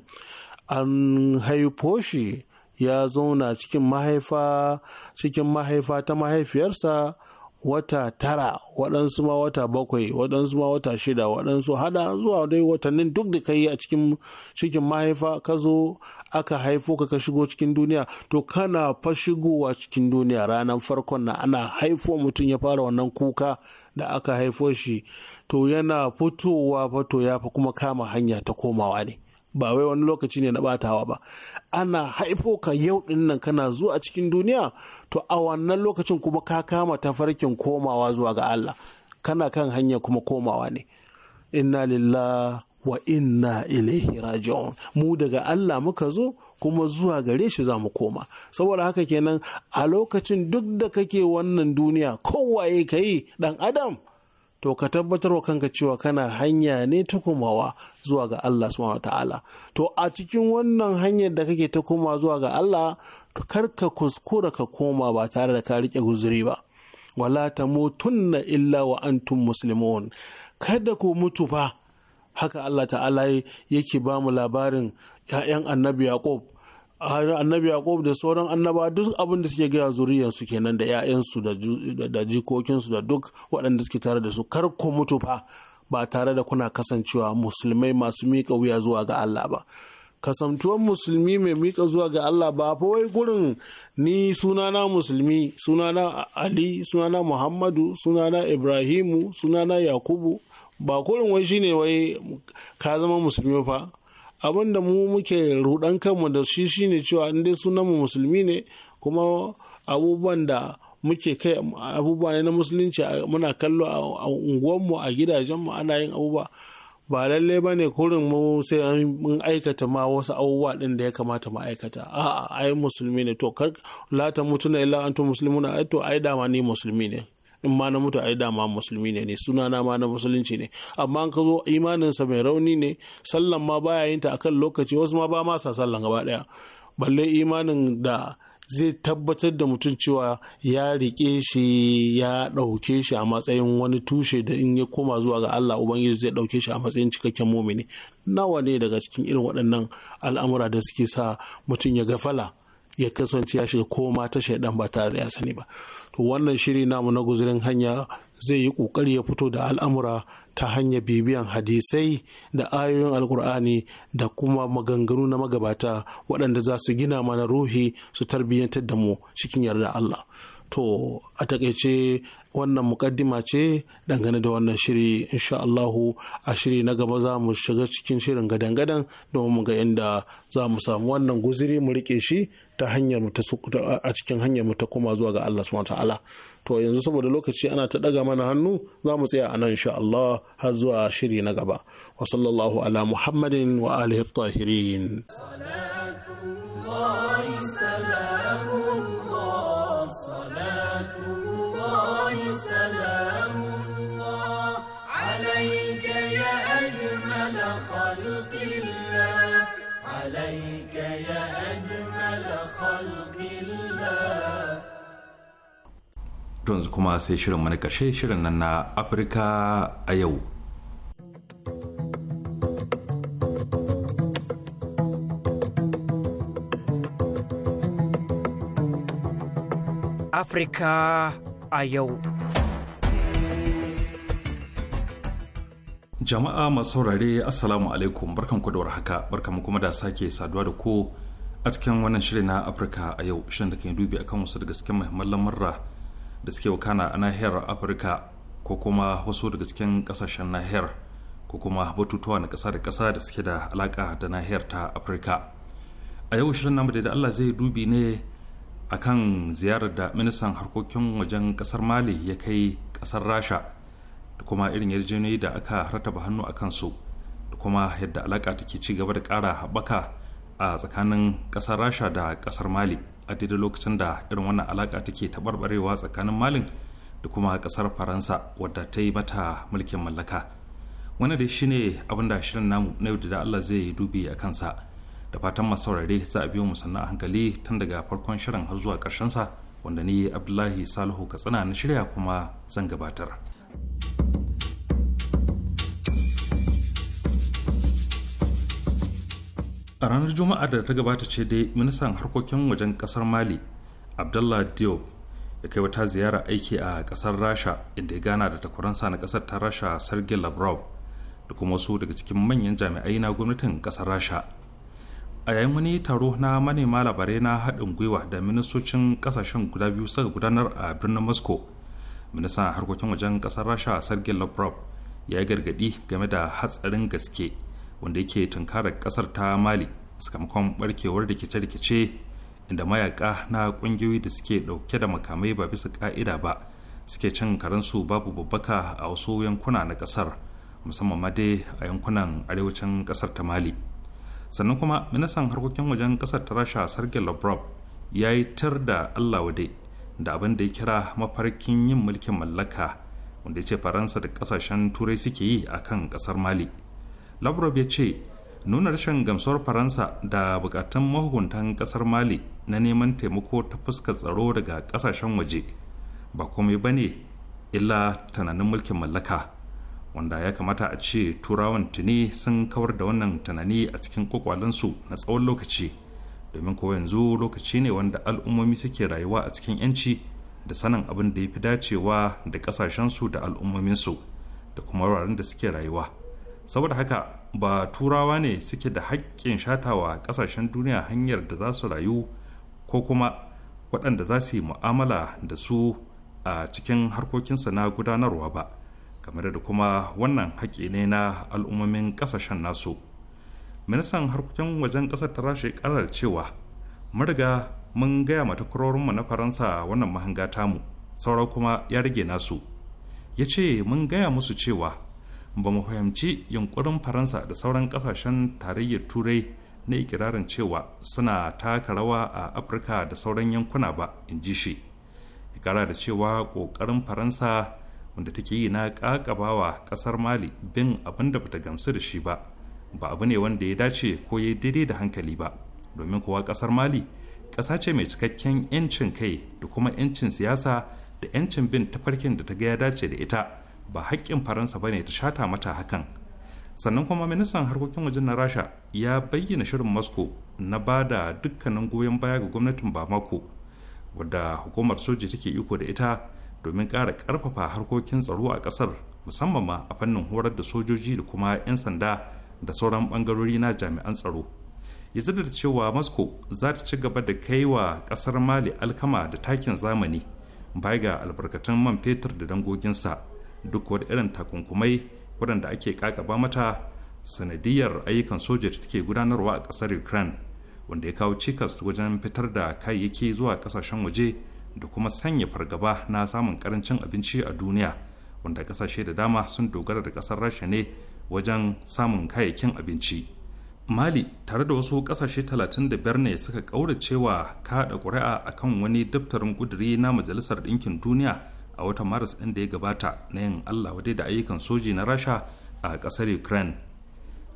an haifo shi ya zauna cikin mahaifa cikin mahaifa ta mahaifiyarsa wata tara waɗansu ma wata bakwai waɗansu ma wata shida waɗansu hada zuwa dai watannin duk da ka yi a cikin cikin mahaifa ka zo aka haifo ka ka shigo cikin duniya to kana fa shigowa cikin duniya ranar farkon na ana haifo mutum ya fara wannan kuka da aka haifo shi to yana fitowa fa to ya fa kuma kama hanya ta komawa ne ba wai wani lokaci ne na batawa ba ana haifo ka yau din nan kana zuwa a cikin duniya to a wannan lokacin kuma ka kama tafarkin komawa zuwa ga Allah kana kan hanya kuma komawa ne inna lillahi wa inna ilaihi raji'un mu daga Allah muka zo kuma zuwa gare shi za mu koma saboda haka kenan a lokacin duk da kake wannan duniya kowaye ka yi dan adam to ka tabbatar wa kanka cewa kana hanya ne ta komawa zuwa ga Allah subhanahu ta'ala to a cikin wannan hanyar da kake ta koma zuwa ga Allah to kar ka kuskura ka koma ba tare da ka rike guzuri ba wala tamutunna illa wa antum muslimun kada ku mutu fa haka Allah ta'ala yake ba mu labarin 'ya'yan annabi Yaqub annabi yaqub da sauran annaba duk abin da suke gaya zuriyarsu kenan da 'ya'yansu da jikokinsu da duk waɗanda suke tare da su kar ku mutu fa ba tare da kuna kasancewa musulmai masu miƙa wuya zuwa ga Allah ba kasantuwan musulmi mai miƙa zuwa ga Allah ba fa wai gurin ni sunana musulmi sunana Ali sunana Muhammadu sunana Ibrahimu sunana Yakubu ba kurin wai shine wai ka zama musulmi fa abin da mu muke rudan kanmu da shi shine cewa in dai sunanmu musulmi ne kuma abubuwan da muke kai abubuwa ne na musulunci muna kallo a unguwanmu a gidajenmu ana yin abubuwa ba lalle ba ne kurin mu sai an aikata ma wasu abubuwa din da ya kamata mu aikata a'a ai musulmi ne to kar la mutuna illa antum muslimuna ai to ai dama ni musulmi ne in ma na mutu yi dama musulmi ne ne suna na ma na musulunci ne amma an ka zo imaninsa mai rauni ne sallan ma baya yin ta akan lokaci wasu ma ba ma sa sallan gaba daya balle imanin da zai tabbatar da mutum cewa ya rike shi ya ɗauke shi a matsayin wani tushe da in ya koma zuwa ga Allah Ubangiji zai ɗauke shi a matsayin cikakken mumini nawa ne daga cikin irin waɗannan al'amura da suke sa mutum ya gafala ya kasance ya shiga koma ta shaidan ba tare da ya sani ba to wannan shiri namu na guzurin hanya zai yi kokari ya fito da al'amura ta hanyar bibiyan hadisai da ayoyin alkur'ani da kuma maganganu na magabata waɗanda za su gina mana ruhi su tarbiyyantar da mu cikin yarda Allah to a takaice wannan mukaddima ce dangane da wannan shiri insha Allahu a shiri na gaba za mu shiga cikin shirin gadan-gadan domin mu ga inda za mu samu wannan guziri mu rike shi ta hanyar mu a cikin hanyar mu ta koma zuwa ga Allah subhanahu wataala to yanzu saboda lokaci ana ta daga mana hannu za mu tsaya anan insha Allah har zuwa shiri na gaba wa sallallahu ala muhammadin wa alihi tahirin to yanzu kuma sai shirin mana karshe shirin nan na afirka a yau Afirka a yau. Jama'a masu saurare Assalamu alaikum barkanku da warhaka barkanku kuma da sake saduwa da ku a cikin wannan shirin na Afirka a yau shirin da kan dubi akan wasu daga cikin muhimman lamurra da suke wakana a nahiyar afirka ko kuma wasu daga cikin kasashen nahiyar ko kuma batutuwa na ƙasa da ƙasa da suke da alaƙa da nahiyar ta afirka a yau shirin namu da allah zai dubi ne a kan ziyarar da ministan harkokin wajen ƙasar mali ya kai ƙasar rasha da kuma irin yarjejeniyoyi da aka rataba hannu a kansu da kuma yadda alaƙa take ci gaba da ƙara haɓaka a tsakanin ƙasar rasha da ƙasar mali a daidai lokacin da irin wannan alaka take taɓarɓarewa tsakanin malin da kuma ƙasar faransa wadda ta yi mata mulkin mallaka wani da shi ne abin da shirin namu na yau da allah zai yi dubi a kansa da fatan masu saurare za a biyo mu sannan a hankali tun daga farkon shirin har zuwa sa wanda ni abdullahi salihu katsina na shirya kuma zan gabatar. a ranar juma'a da ta gabata ce dai ministan harkokin wajen kasar mali abdullah diop ya kai wata ziyara aiki a kasar rasha inda ya gana da takwaransa na kasar ta rasha sergei lavrov da kuma wasu daga cikin manyan jami'ai na gwamnatin kasar rasha a yayin wani taro na manema labarai na haɗin gwiwa da ministocin kasashen guda biyu suka gudanar a birnin moscow ministan harkokin wajen kasar rasha sergei lavrov ya yi gargaɗi game da hatsarin gaske wanda yake tunkarar kasar ta mali sakamakon barkewar da rikice-rikice inda mayaka na kungiyoyi da suke dauke da makamai ba bisa ka'ida ba suke cin karansu babu babbaka a wasu yankuna na kasar musamman ma dai a yankunan arewacin kasar ta mali sannan kuma ministan harkokin wajen kasar ta rasha sergei lavrov ya yi tar da allah wade da abin da ya kira mafarkin yin mulkin mallaka wanda ya ce faransa da kasashen turai suke yi a kan kasar mali lavrov ya ce nuna rashin gamsuwar faransa da bukatun mahukuntan kasar mali na neman taimako ta fuskar tsaro daga kasashen waje ba komai ba ne illa tunanin mulkin mallaka wanda ya kamata a ce turawan tuni sun kawar da wannan tunani a cikin kwakwalansu na tsawon lokaci domin ko yanzu lokaci ne wanda al'ummomi suke rayuwa a cikin 'yanci da sanin abin da ya fi dacewa da kasashensu da al'ummominsu da kuma wuraren da suke rayuwa saboda haka ba turawa ne suke da haƙƙin shatawa ƙasashen duniya hanyar da za su rayu ko kuma waɗanda za su yi mu'amala da su a cikin harkokinsu na gudanarwa ba kamar da kuma wannan haƙƙi ne na al'ummomin ƙasashen nasu ministan harkokin wajen ƙasar ta rashe ƙarar cewa mun riga mun gaya mata kurorinmu na faransa wannan mahanga tamu saura kuma ya rage nasu ya ce mun gaya musu cewa ba mu fahimci yunkurin faransa da sauran kasashen tarayyar turai na ikirarin cewa suna taka rawa a afirka da sauran yankuna ba in ji shi ikara da cewa ƙoƙarin faransa wanda take yi na ƙaƙabawa ƙasar mali bin abin da bata gamsu da shi ba ba abu ne wanda ya dace ko ya daidai da hankali ba domin kowa ƙasar mali ƙasa ce mai cikakken 'yancin kai da kuma 'yancin siyasa da 'yancin bin tafarkin da ta ga ya dace da ita ba haƙƙin faransa ba ne ta shata mata hakan sannan kuma ministan harkokin wajen na rasha ya bayyana shirin moscow na ba da dukkanin goyon baya ga gwamnatin bamako wadda hukumar soji take iko da ita domin ƙara ƙarfafa harkokin tsaro a ƙasar musamman ma a fannin horar da sojoji da kuma 'yan sanda da sauran ɓangarori na jami'an tsaro ya da cewa moscow za ta ci gaba da kai wa ƙasar mali alkama da takin zamani baya ga albarkatun man fetur da dangoginsa duk wani irin takunkumai waɗanda ake kakaba mata sanadiyar ayyukan soja da take gudanarwa a ƙasar ukraine wanda ya kawo cikas wajen fitar da kayayyaki zuwa ƙasashen waje da kuma sanya fargaba na samun ƙarancin abinci a duniya wanda ƙasashe da dama sun dogara da ƙasar rasha ne wajen samun kayayyakin abinci mali tare da wasu ƙasashe 35 ne suka ƙauracewa kaɗa ƙuri'a akan wani daftarin ƙuduri na majalisar ɗinkin duniya a watan maris ɗin da ya gabata na yin allah wadai da ayyukan soji na rasha a ƙasar ukraine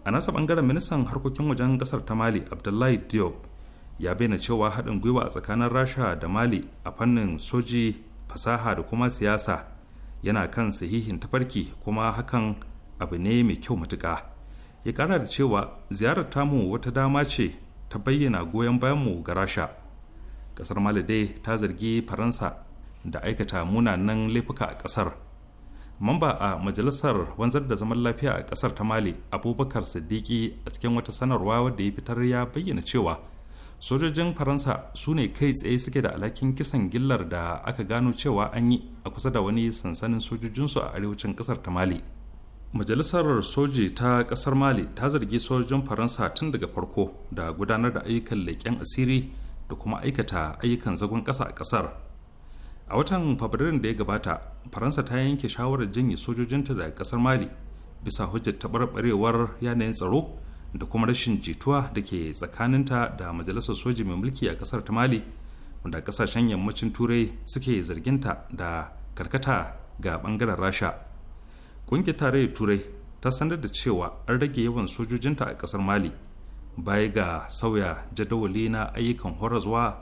a nasa ɓangaren ministan harkokin wajen ƙasar ta mali abdullahi diop ya bayyana cewa haɗin gwiwa a tsakanin rasha da mali a fannin soji fasaha da kuma siyasa yana kan sahihin tafarki kuma hakan abu ne mai kyau matuka ya kara da cewa ziyarar tamu wata dama ce ta bayyana goyon bayanmu ga rasha ƙasar mali dai ta zargi faransa da aikata munanan laifuka a ƙasar mamba a majalisar wanzar da zaman lafiya a ƙasar ta mali abubakar siddiqi a cikin wata sanarwa wadda ya fitar ya bayyana cewa sojojin faransa su ne kai tsaye suke da alhakin kisan gillar da aka gano cewa an yi a kusa da wani sansanin sojojinsu a arewacin ƙasar ta mali majalisar soji ta ƙasar mali ta zargi sojojin faransa tun daga farko da gudanar da ayyukan leƙen asiri da kuma aikata ayyukan zagon ƙasa a ƙasar a watan fabrairun da ya gabata faransa ta yanke shawarar janye sojojinta daga kasar mali bisa hujjar taɓarɓarewar yanayin tsaro da kuma rashin jituwa da ke tsakaninta da majalisar soji mai mulki a kasar ta mali wanda kasashen yammacin turai suke zarginta da karkata ga bangaren rasha ƙungiyar tarayyar turai ta sanar da cewa an rage yawan sojojinta a kasar mali baya ga sauya jadawali na ayyukan horazwa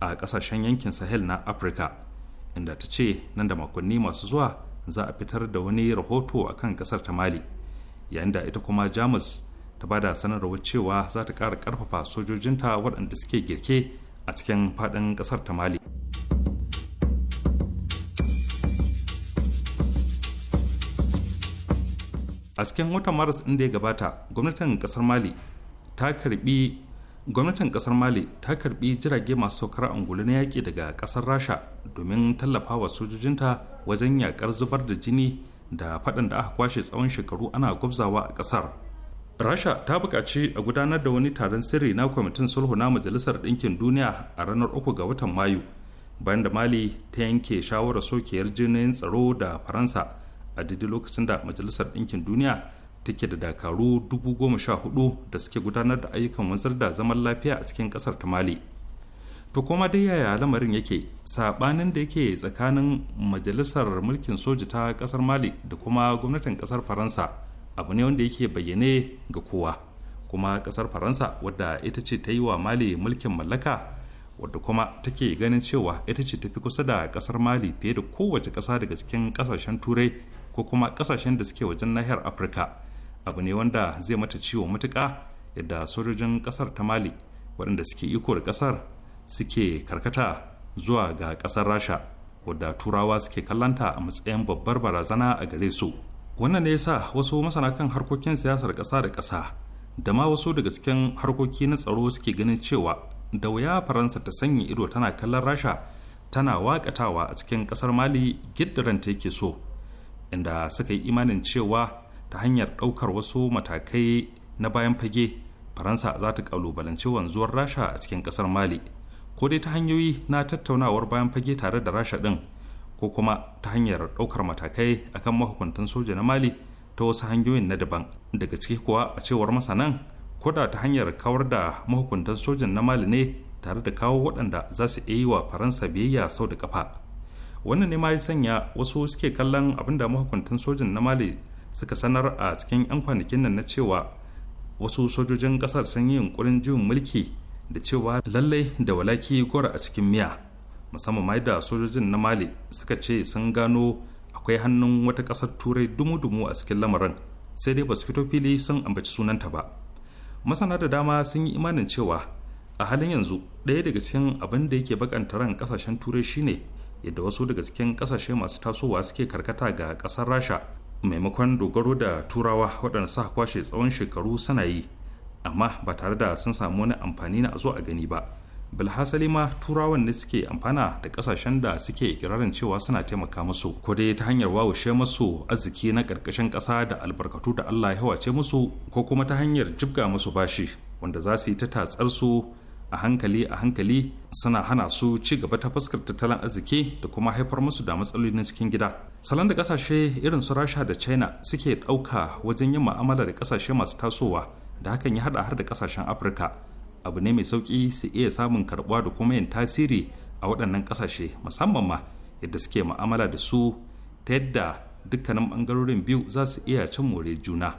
a kasashen yankin sahel na afirka inda ta ce nan da makonni masu zuwa za a fitar da wani rahoto a kan kasar ta mali yayin da ita kuma jamus ta bada sanarwar cewa za ta ƙara ƙarfafa sojojinta waɗanda suke girke a cikin faɗin ƙasar ta mali a cikin watan maris inda ya gabata gwamnatin ƙasar mali ta karbi gwamnatin kasar mali ta karbi jirage masu saukar angulu na yaƙi daga kasar rasha domin tallafa wa sojojinta wajen yaƙar zubar da jini da faɗan da aka kwashe tsawon shekaru ana gwabzawa a ƙasar rasha ta buƙaci a gudanar da wani taron sirri na kwamitin sulhu na majalisar ɗinkin duniya a ranar uku ga watan mayu bayan da mali ta yanke shawarar sokiyar jinin tsaro da faransa a daidai lokacin da majalisar ɗinkin duniya take da dakaru dubu goma sha hudu da suke gudanar da ayyukan wanzar da zaman lafiya a cikin kasar ta mali to kuma dai yaya lamarin yake sabanin da yake tsakanin majalisar mulkin soji ta kasar mali da kuma gwamnatin kasar faransa abu ne wanda yake bayyane ga kowa kuma kasar faransa wadda ita ce ta yi wa mali mulkin mallaka wadda kuma take ganin cewa ita ce tafi kusa da kasar mali fiye da kowace kasa daga cikin kasashen turai ko kuma kasashen da suke wajen nahiyar afirka abu ne wanda zai mata ciwo matuka yadda sojojin ƙasar ta mali waɗanda suke iko da ƙasar suke karkata zuwa ga ƙasar rasha wadda turawa suke kallanta a matsayin babbar barazana a gare su wannan ne yasa wasu masana kan harkokin siyasar ƙasa da ƙasa da ma wasu daga cikin harkoki na tsaro suke ganin cewa da wuya faransa ta sanya ido tana kallon rasha tana wakatawa a cikin ƙasar mali gidda ranta yake so inda suka yi imanin cewa ta hanyar ɗaukar wasu matakai na bayan fage faransa za ta kalubalanci wanzuwar rasha a cikin ƙasar mali ko dai ta hanyoyi na tattaunawar bayan fage tare da rasha ɗin ko kuma ta hanyar ɗaukar matakai akan mahukuntan soja na mali ta wasu hanyoyin na daban daga ciki kuwa a cewar masanan koda ta hanyar kawar da mahukuntan sojan na mali ne tare da kawo waɗanda za su iya yi wa faransa biyayya sau da kafa wannan ne ma ya sanya wasu suke kallon abinda mahukuntan sojan na mali suka sanar a cikin 'yan kwanakin nan na cewa wasu sojojin kasar sun yi yunkurin juyin mulki da cewa lallai da walaki gora a cikin miya musamman mai da sojojin na mali suka ce sun gano akwai hannun wata kasar turai dumu-dumu a cikin lamarin sai dai basu fito fili sun ambaci sunanta ba masana da dama sun yi imanin cewa a halin yanzu ɗaya daga cikin abin da yake bakanta ran kasashen turai shine yadda wasu daga cikin kasashe masu tasowa suke karkata ga kasar rasha maimakon dogaro da turawa waɗanda sa kwashe tsawon shekaru suna yi amma ba tare da sun samu wani amfani na a zo a gani ba bilhassali ma turawan ne suke amfana da kasashen da suke kirarin cewa suna taimaka musu ko dai ta hanyar wawushe musu arziki na ƙarƙashin ƙasa da albarkatu da allah ya wace musu ko kuma ta hanyar jibga musu bashi wanda za su yi ta tatsar su a hankali a hankali suna hana su ci gaba ta fuskar tattalin arziki da kuma haifar musu da matsaloli na cikin gida salon da kasashe irin su rasha da china suke ɗauka wajen yin ma'amala da kasashe masu tasowa da hakan ya haɗa har da kasashen afirka abu ne mai sauƙi su iya samun karɓuwa da kuma yin tasiri a waɗannan kasashe musamman ma yadda suke ma'amala da su ta yadda dukkanin ɓangarorin biyu za su iya cin more juna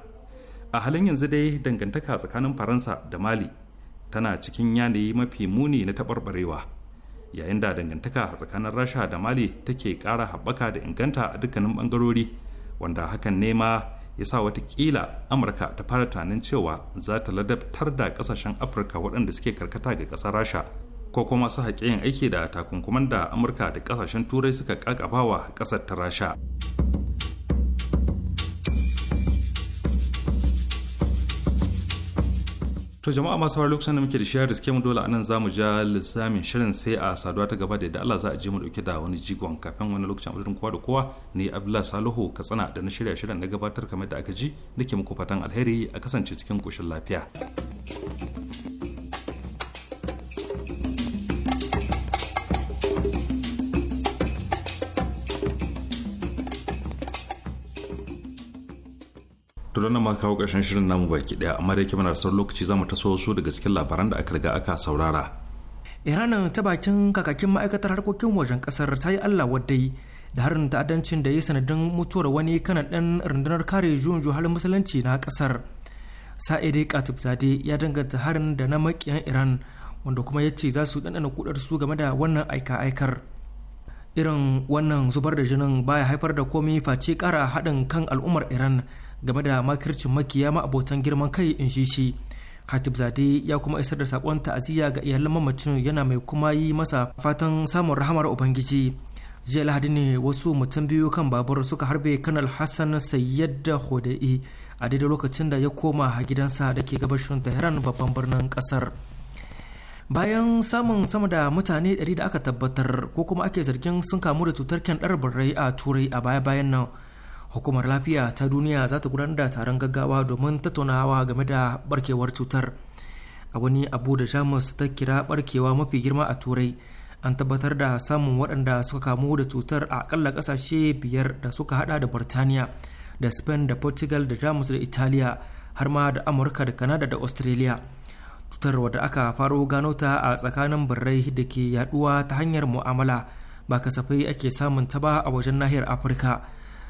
a halin yanzu dai dangantaka tsakanin faransa da mali tana cikin yanayi mafi muni na taɓarɓarewa yayin da dangantaka tsakanin rasha da mali take ƙara haɓaka da inganta a dukkanin ɓangarori wanda hakan nema ya sa watakila amurka ta fara tunanin cewa za ta ladabtar da ƙasashen afirka waɗanda suke karkata ga ƙasar rasha ko kuma su haƙe yin aiki da takunkuman da amurka da ƙasashen turai suka ƙaƙabawa ƙasar ta rasha to jama'a masu hawar lokacin da muke da shiyar riske mu dole anan mu ja lissamin shirin sai a saduwa ta gaba da yadda Allah za a je mu dauke da wani jigon kafin wani lokacin abudin kowa da kowa ne Abdullahi Salihu Katsina da na shirya shirin na gabatar kamar da aka ji nake muku fatan alheri a kasance cikin koshin lafiya. to don nan kawo ƙarshen shirin namu baki daya amma dai mana sauran lokaci za mu taso su daga cikin labaran da aka riga aka saurara iran ta bakin kakakin ma'aikatar harkokin wajen kasar ta yi allah wadai da harin ta'addancin da ya sanadin mutuwar wani kanan ɗan rundunar kare juyin juhalin musulunci na kasar sa'ide katib zade ya danganta harin da na makiyan iran wanda kuma ya ce za su ɗanɗana kudar su game da wannan aika-aikar irin wannan zubar da jinin baya haifar da komai face kara haɗin kan al'ummar iran game da makircin makiya ma abotan girman kai in shi shi hatib zade ya kuma isar da sakon ta'aziyya ga iyalan mamacin yana mai kuma yi masa fatan samun rahamar ubangiji jiya lahadi ne wasu mutum biyu kan babur suka harbe kanal hassan sayyad da hodai a daidai lokacin da ya koma a gidansa da ke gabashin tehran babban birnin kasar bayan samun sama da mutane 100 da aka tabbatar ko kuma ake zargin sun kamu da cutar ɗarbin rai a turai a baya-bayan nan hukumar lafiya ta duniya za ta gudanar da taron gaggawa domin tattaunawa game da barkewar cutar a wani abu da jamus ta kira barkewa mafi girma a turai an tabbatar da samun waɗanda suka kamu da cutar a akalla ƙasashe biyar da suka hada da burtaniya da spain da portugal da jamus da italiya har ma da amurka da canada da australia cutar wadda aka faro gano ta a tsakanin birrai da ke yaduwa ta hanyar mu'amala ba kasafai ake samun ta ba a wajen nahiyar afirka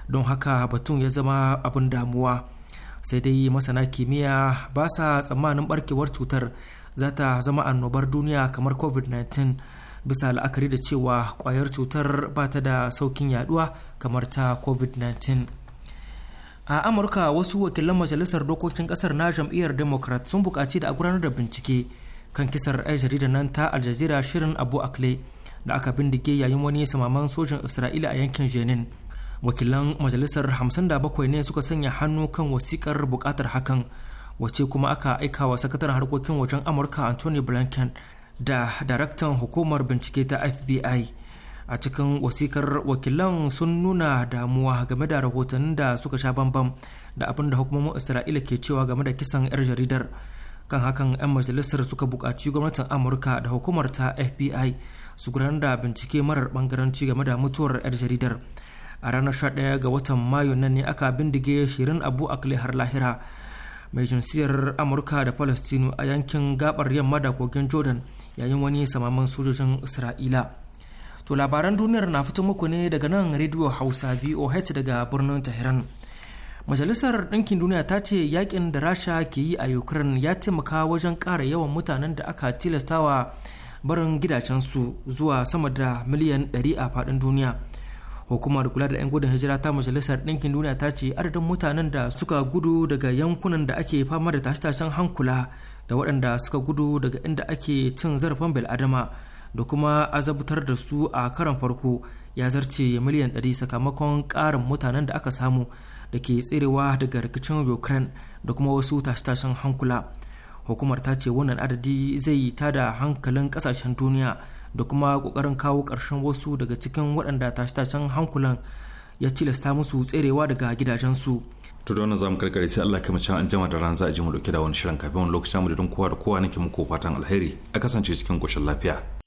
don haka batun ya zama abin damuwa sai dai masana kimiyya ba sa tsammanin barkewar cutar za ta zama annobar duniya kamar covid-19 bisa la'akari da cewa kwayar cutar ba ta da saukin yaduwa kamar ta covid-19 a amurka wasu wakilan majalisar dokokin kasar na jam'iyyar democrat sun bukaci da a gudanar da bincike kan kisar 'yan jaridar nan ta aljazeera shirin abu akle da aka bindige yayin wani samaman sojin isra'ila a yankin jenin wakilan majalisar 57 ne suka sanya hannu kan wasikar bukatar hakan wace kuma aka aika wa sakataren harkokin wajen amurka anthony blinken da daraktan hukumar bincike ta fbi a cikin wasikar wakilan sun nuna damuwa game da rahotannin da suka sha bambam da abin da hukumomin isra'ila ke cewa game da kisan 'yar jaridar kan hakan 'yan majalisar suka bukaci gwamnatin amurka da hukumar ta fbi su gudanar da bincike marar bangaranci game da mutuwar 'yar jaridar a ranar 11 ga watan mayu nan ne aka bindige shirin abu akle har lahira mai jinsiyar amurka da palestino a yankin gabar yamma da kogin jordan yayin wani samaman sojojin isra'ila to labaran duniyar na fito muku ne daga nan rediyo hausa voh daga birnin tehran majalisar ɗinkin duniya ta ce yakin da rasha ke yi a ukraine ya taimaka wajen ƙara yawan mutanen da aka tilastawa barin gidajensu zuwa sama da miliyan 100 a faɗin duniya hukumar kula da 'yan gudun hijira ta majalisar ɗinkin duniya ta ce adadin mutanen da suka gudu daga yankunan da ake fama da tashe-tashen hankula da waɗanda suka gudu daga inda ake cin zarafin bil'adama da kuma azabtar da su a karon farko ya zarce miliyan 100 sakamakon ƙarin mutanen da aka samu da ke tserewa daga rikicin ukraine da kuma wasu tashe-tashen hankula hukumar ta ce wannan adadi zai tada hankalin ƙasashen duniya da kuma kokarin kawo ƙarshen wasu daga cikin waɗanda tashe-tashen hankulan ya tilasta musu tserewa daga gidajensu to da wannan zamu karkare sai Allah kuma can an jama da ran za a ji mu dauke da wani shirin kafin wani lokacin mu da don kowa da kowa nake muku fatan alheri a kasance cikin koshin lafiya